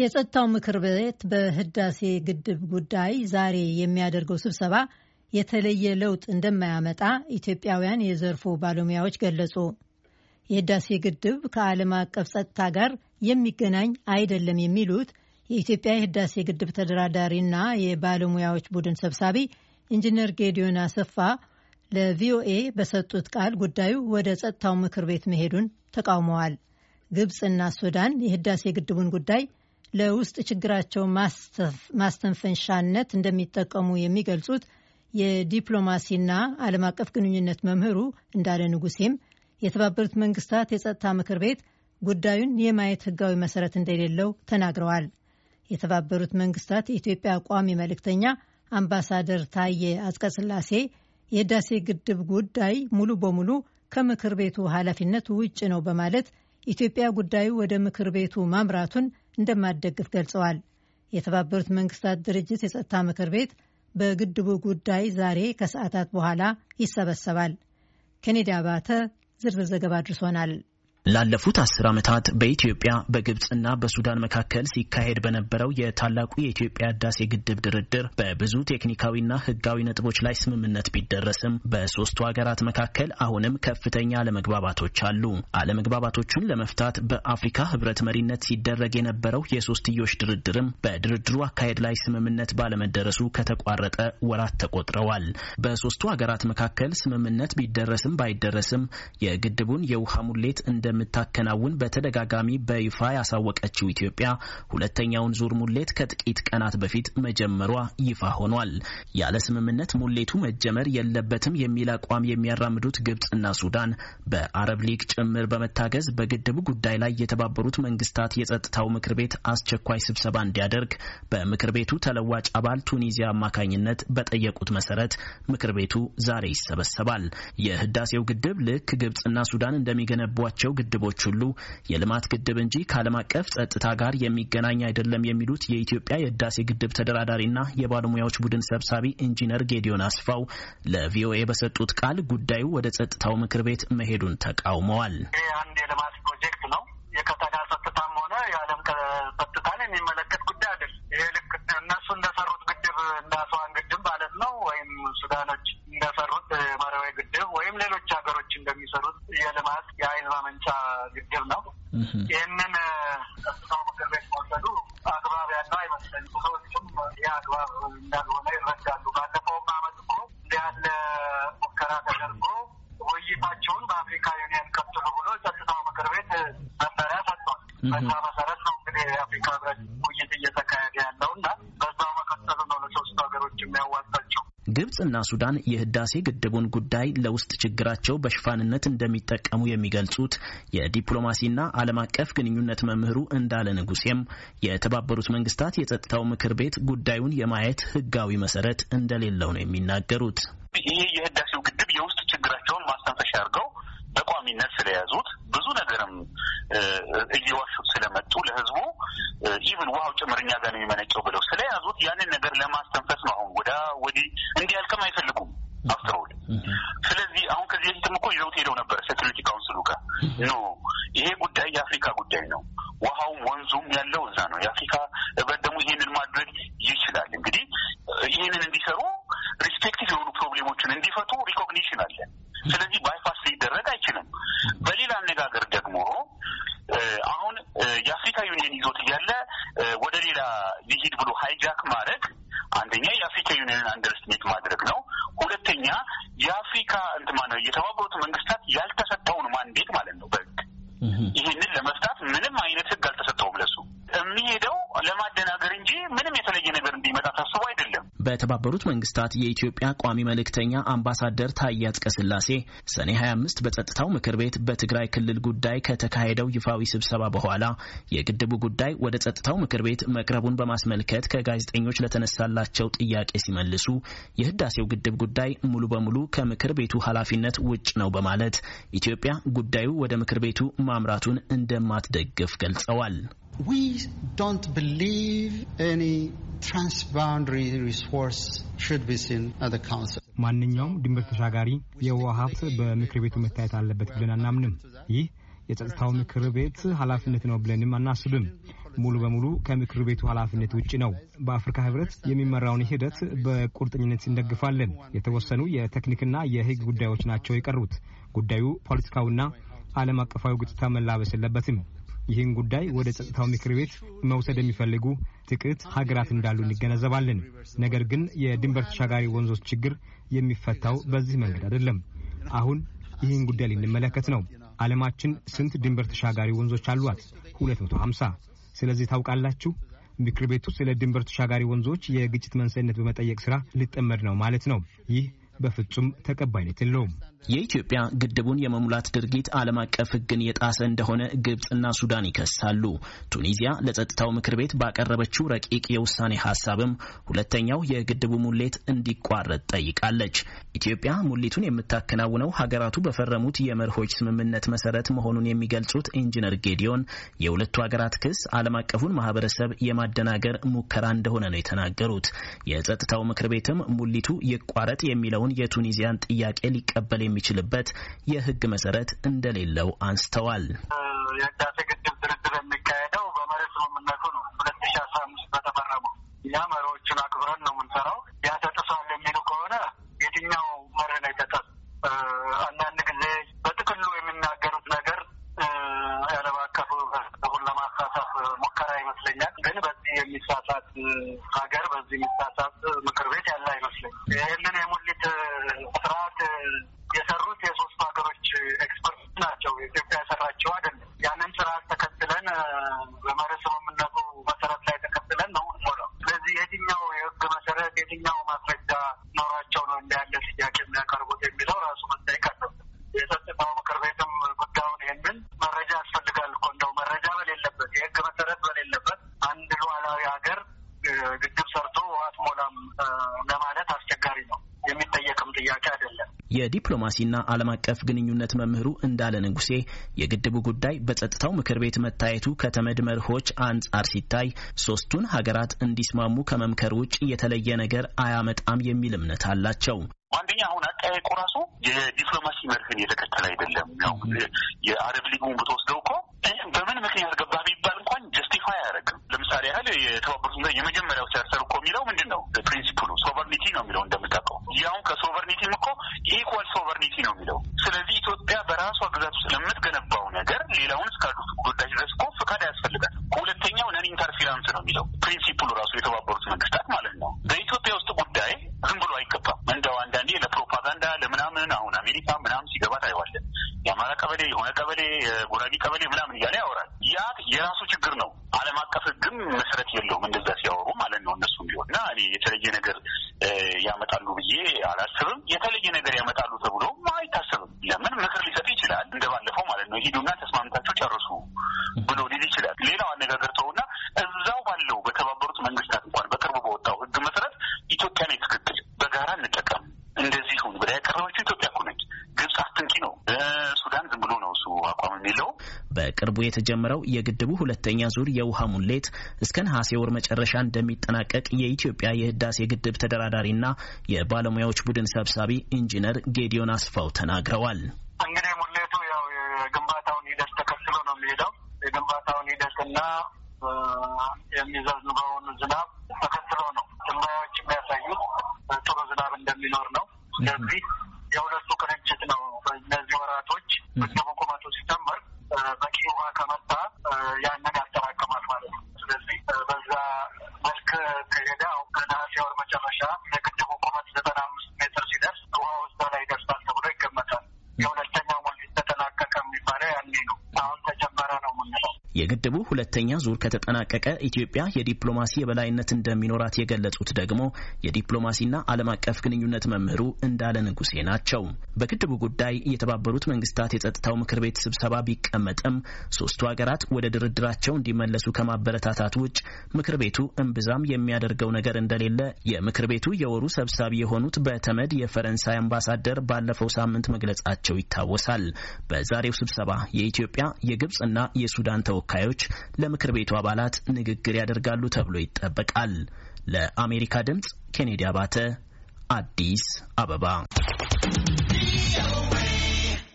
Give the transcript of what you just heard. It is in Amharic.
የጸጥታው ምክር ቤት በህዳሴ ግድብ ጉዳይ ዛሬ የሚያደርገው ስብሰባ የተለየ ለውጥ እንደማያመጣ ኢትዮጵያውያን የዘርፉ ባለሙያዎች ገለጹ። የህዳሴ ግድብ ከዓለም አቀፍ ጸጥታ ጋር የሚገናኝ አይደለም የሚሉት የኢትዮጵያ የህዳሴ ግድብ ተደራዳሪና የባለሙያዎች ቡድን ሰብሳቢ ኢንጂነር ጌዲዮን አሰፋ ለቪኦኤ በሰጡት ቃል ጉዳዩ ወደ ጸጥታው ምክር ቤት መሄዱን ተቃውመዋል። ግብፅና ሱዳን የህዳሴ ግድቡን ጉዳይ ለውስጥ ችግራቸው ማስተንፈሻነት እንደሚጠቀሙ የሚገልጹት የዲፕሎማሲና ዓለም አቀፍ ግንኙነት መምህሩ እንዳለ ንጉሴም የተባበሩት መንግስታት የጸጥታ ምክር ቤት ጉዳዩን የማየት ህጋዊ መሰረት እንደሌለው ተናግረዋል። የተባበሩት መንግስታት የኢትዮጵያ ቋሚ መልእክተኛ አምባሳደር ታዬ አጽቀስላሴ የህዳሴ ግድብ ጉዳይ ሙሉ በሙሉ ከምክር ቤቱ ኃላፊነት ውጭ ነው በማለት ኢትዮጵያ ጉዳዩ ወደ ምክር ቤቱ ማምራቱን እንደማደግፍ ገልጸዋል። የተባበሩት መንግስታት ድርጅት የጸጥታ ምክር ቤት በግድቡ ጉዳይ ዛሬ ከሰዓታት በኋላ ይሰበሰባል። ኬኔዲ አባተ ዝርዝር ዘገባ አድርሶናል። ላለፉት አስር ዓመታት በኢትዮጵያ በግብፅና በሱዳን መካከል ሲካሄድ በነበረው የታላቁ የኢትዮጵያ ህዳሴ ግድብ ድርድር በብዙ ቴክኒካዊና ህጋዊ ነጥቦች ላይ ስምምነት ቢደረስም በሶስቱ ሀገራት መካከል አሁንም ከፍተኛ አለመግባባቶች አሉ። አለመግባባቶቹን ለመፍታት በአፍሪካ ህብረት መሪነት ሲደረግ የነበረው የሶስትዮሽ ድርድርም በድርድሩ አካሄድ ላይ ስምምነት ባለመደረሱ ከተቋረጠ ወራት ተቆጥረዋል። በሶስቱ ሀገራት መካከል ስምምነት ቢደረስም ባይደረስም የግድቡን የውሃ ሙሌት እንደ እንደምታከናውን በተደጋጋሚ በይፋ ያሳወቀችው ኢትዮጵያ ሁለተኛውን ዙር ሙሌት ከጥቂት ቀናት በፊት መጀመሯ ይፋ ሆኗል። ያለ ስምምነት ሙሌቱ መጀመር የለበትም የሚል አቋም የሚያራምዱት ግብጽና ሱዳን በአረብ ሊግ ጭምር በመታገዝ በግድቡ ጉዳይ ላይ የተባበሩት መንግስታት የጸጥታው ምክር ቤት አስቸኳይ ስብሰባ እንዲያደርግ በምክር ቤቱ ተለዋጭ አባል ቱኒዚያ አማካኝነት በጠየቁት መሰረት ምክር ቤቱ ዛሬ ይሰበሰባል። የህዳሴው ግድብ ልክ ግብጽና ሱዳን እንደሚገነቧቸው ግድቦች ሁሉ የልማት ግድብ እንጂ ከዓለም አቀፍ ጸጥታ ጋር የሚገናኝ አይደለም የሚሉት የኢትዮጵያ የህዳሴ ግድብ ተደራዳሪና የባለሙያዎች ቡድን ሰብሳቢ ኢንጂነር ጌዲዮን አስፋው ለቪኦኤ በሰጡት ቃል ጉዳዩ ወደ ጸጥታው ምክር ቤት መሄዱን ተቃውመዋል። አንድ የልማት ፕሮጀክት ነው። የቀጠና ጸጥታም ሆነ የዓለም ጸጥታን የሚመለከት ጉዳይ አይደለም። ይሄ ልክ እነሱ እንደሰሩት ግድብ እንዳስዋን ግድብ ማለት ነው ወይም ሱዳኖች ይህንን ግብፅና ሱዳን የህዳሴ ግድቡን ጉዳይ ለውስጥ ችግራቸው በሽፋንነት እንደሚጠቀሙ የሚገልጹት የዲፕሎማሲና ዓለም አቀፍ ግንኙነት መምህሩ እንዳለ ንጉሴም የተባበሩት መንግስታት የጸጥታው ምክር ቤት ጉዳዩን የማየት ህጋዊ መሰረት እንደሌለው ነው የሚናገሩት። ይህ የህዳሴው ግድብ የውስጥ ችግራቸውን ማስተንፈሻ አድርገው በቋሚነት ስለያዙት ብዙ ነገርም እየዋሹት ስለመጡ ለህዝቡ ኢቭን ውሃው ጭምርኛ ጋር ነው የሚመነጨው ብለው ስለያዙት ያንን ነገር ለማስተንፈስ ነው እንግዲህ ያልከም አይፈልጉም አፍተሮል። ስለዚህ አሁን ከዚህ በፊትም እኮ ይዘውት ሄደው ነበር ሴኩሪቲ ካውንስሉ ጋር ኖ ይሄ ጉዳይ የአፍሪካ ጉዳይ ነው፣ ውሃውም ወንዙም ያለው እዛ ነው። የአፍሪካ ህብረት ደግሞ ይሄንን ማድረግ ይችላል። እንግዲህ ይሄንን እንዲሰሩ ሪስፔክቲቭ የሆኑ ፕሮብሌሞችን እንዲፈቱ ሪኮግኒሽን አለ። ስለዚህ ባይፓስ ሊደረግ አይችልም። በሌላ አነጋገር ደግሞ አሁን የአፍሪካ ዩኒየን ይዞት እያለ ወደ ሌላ ሊሂድ ብሎ ሀይጃክ ማድረግ አንደኛ የአፍሪካ ዩኒየንን አንደርስሜት ማድረግ ነው። ሁለተኛ የአፍሪካ እንትማ ነው የተባበሩት መንግስታት ያል በተባበሩት መንግስታት የኢትዮጵያ ቋሚ መልእክተኛ አምባሳደር ታዬ አጽቀሥላሴ ሰኔ 25 በጸጥታው ምክር ቤት በትግራይ ክልል ጉዳይ ከተካሄደው ይፋዊ ስብሰባ በኋላ የግድቡ ጉዳይ ወደ ጸጥታው ምክር ቤት መቅረቡን በማስመልከት ከጋዜጠኞች ለተነሳላቸው ጥያቄ ሲመልሱ የህዳሴው ግድብ ጉዳይ ሙሉ በሙሉ ከምክር ቤቱ ኃላፊነት ውጭ ነው በማለት ኢትዮጵያ ጉዳዩ ወደ ምክር ቤቱ ማምራቱን እንደማትደግፍ ገልጸዋል። We don't believe any transboundary resource should be seen at the council. ማንኛውም ድንበር ተሻጋሪ የውሃ ሀብት በምክር ቤቱ መታየት አለበት ብለን አናምንም። ይህ የጸጥታው ምክር ቤት ኃላፊነት ነው ብለንም አናስብም። ሙሉ በሙሉ ከምክር ቤቱ ኃላፊነት ውጭ ነው። በአፍሪካ ሕብረት የሚመራውን ሂደት በቁርጠኝነት እንደግፋለን። የተወሰኑ የቴክኒክና የሕግ ጉዳዮች ናቸው የቀሩት። ጉዳዩ ፖለቲካዊና ዓለም አቀፋዊ ገጽታ መላበስ የለበትም። ይህን ጉዳይ ወደ ጸጥታው ምክር ቤት መውሰድ የሚፈልጉ ጥቂት ሀገራት እንዳሉ እንገነዘባለን። ነገር ግን የድንበር ተሻጋሪ ወንዞች ችግር የሚፈታው በዚህ መንገድ አይደለም። አሁን ይህን ጉዳይ ልንመለከት ነው። ዓለማችን ስንት ድንበር ተሻጋሪ ወንዞች አሏት? 250 ስለዚህ ታውቃላችሁ፣ ምክር ቤቱ ስለ ድንበር ተሻጋሪ ወንዞች የግጭት መንስኤነት በመጠየቅ ስራ ሊጠመድ ነው ማለት ነው። ይህ በፍጹም ተቀባይነት የለውም። የኢትዮጵያ ግድቡን የመሙላት ድርጊት ዓለም አቀፍ ሕግን የጣሰ እንደሆነ ግብፅና ሱዳን ይከሳሉ። ቱኒዚያ ለጸጥታው ምክር ቤት ባቀረበችው ረቂቅ የውሳኔ ሀሳብም ሁለተኛው የግድቡ ሙሌት እንዲቋረጥ ጠይቃለች። ኢትዮጵያ ሙሊቱን የምታከናውነው ሀገራቱ በፈረሙት የመርሆች ስምምነት መሰረት መሆኑን የሚገልጹት ኢንጂነር ጌዲዮን የሁለቱ ሀገራት ክስ ዓለም አቀፉን ማህበረሰብ የማደናገር ሙከራ እንደሆነ ነው የተናገሩት። የጸጥታው ምክር ቤትም ሙሊቱ ይቋረጥ የሚለውን የቱኒዚያን ጥያቄ ሊቀበል የሚችልበት የህግ መሰረት እንደሌለው አንስተዋል። የህዳሴ ግድብ ድርድር የሚካሄደው በመሬት ስምምነቱ ነው። ሁለት ሺ አስራ አምስት በተፈረመው እኛ መሪዎቹን አክብረን ነው የምንሰራው። ያተጥሷል የሚሉ ከሆነ የትኛው መርህ ነው የተጠ አንዳንድ ጊዜ በጥቅሉ የሚናገሩት ነገር ዓለም አቀፉ ህብረተሰቡን ለማሳሳት ሙከራ ይመስለኛል። ግን በዚህ የሚሳሳት ሀገር በዚህ የሚሳሳት ጥያቄ አይደለም። የዲፕሎማሲና ዓለም አቀፍ ግንኙነት መምህሩ እንዳለ ንጉሴ የግድቡ ጉዳይ በጸጥታው ምክር ቤት መታየቱ ከተመድ መርሆች አንጻር ሲታይ ሶስቱን ሀገራት እንዲስማሙ ከመምከር ውጭ የተለየ ነገር አያመጣም የሚል እምነት አላቸው። አንደኛ አሁን አጠያየቁ ራሱ የዲፕሎማሲ መርህን የተከተለ አይደለም። ያው የአረብ ሊጉን ብትወስደው ፈቃድ ያስፈልጋል ሁለተኛው ነን ኢንተርፌራንስ ነው የሚለው ፕሪንሲፕሉ ራሱ የተባበሩት መንግስታት ማለት ነው። በኢትዮጵያ ውስጥ ጉዳይ ዝም ብሎ አይገባም። እንደው አንዳንዴ ለፕሮፓጋንዳ ለምናምን አሁን አሜሪካ ምናምን ሲገባ ታይዋለን። የአማራ ቀበሌ የሆነ ቀበሌ የጉራጌ ቀበሌ ምናምን እያለ ያወራል። ያ የራሱ ችግር ነው። ዓለም አቀፍ ህግም መሰረት የለውም እንደዛ ሲያወሩ ማለት ነው እነሱ ቢሆን እና እኔ የተለየ ነገር አልመለሱም። እንግዲህ ያቀረበችው ኢትዮጵያ እኮ ነች። ግብጽ አስተንኪ ነው። ሱዳን ዝም ብሎ ነው እሱ አቋም የሚለው። በቅርቡ የተጀመረው የግድቡ ሁለተኛ ዙር የውሃ ሙሌት እስከ ነሐሴ ወር መጨረሻ እንደሚጠናቀቅ የኢትዮጵያ የህዳሴ ግድብ ተደራዳሪና የባለሙያዎች ቡድን ሰብሳቢ ኢንጂነር ጌዲዮን አስፋው ተናግረዋል። እንግዲህ ሙሌቱ ያው የግንባታውን ሂደት ተከትሎ ነው የሚሄደው። የግንባታውን ሂደትና የሚዘንበውን ዝናብ ተከትሎ ነው ትንበያዎች የሚያሳዩት ጥሩ ዝናብ እንደሚኖር ነው። ስለዚህ የሁለቱ ቅንጅት ነው። በእነዚህ ወራቶች ምግቡ ቁመቱ ሲጨምር በቂ ውሃ ከመጣ ያንን ሁለተኛ ዙር ከተጠናቀቀ ኢትዮጵያ የዲፕሎማሲ የበላይነት እንደሚኖራት የገለጹት ደግሞ የዲፕሎማሲና ዓለም አቀፍ ግንኙነት መምህሩ እንዳለ ንጉሴ ናቸው። በግድቡ ጉዳይ የተባበሩት መንግስታት የጸጥታው ምክር ቤት ስብሰባ ቢቀመጥም ሶስቱ ሀገራት ወደ ድርድራቸው እንዲመለሱ ከማበረታታት ውጭ ምክር ቤቱ እምብዛም የሚያደርገው ነገር እንደሌለ የምክር ቤቱ የወሩ ሰብሳቢ የሆኑት በተመድ የፈረንሳይ አምባሳደር ባለፈው ሳምንት መግለጻቸው ይታወሳል። በዛሬው ስብሰባ የኢትዮጵያ የግብፅና የሱዳን ተወካዮች ለምክር ቤቱ አባላት ንግግር ያደርጋሉ ተብሎ ይጠበቃል። ለአሜሪካ ድምፅ ኬኔዲ አባተ አዲስ አበባ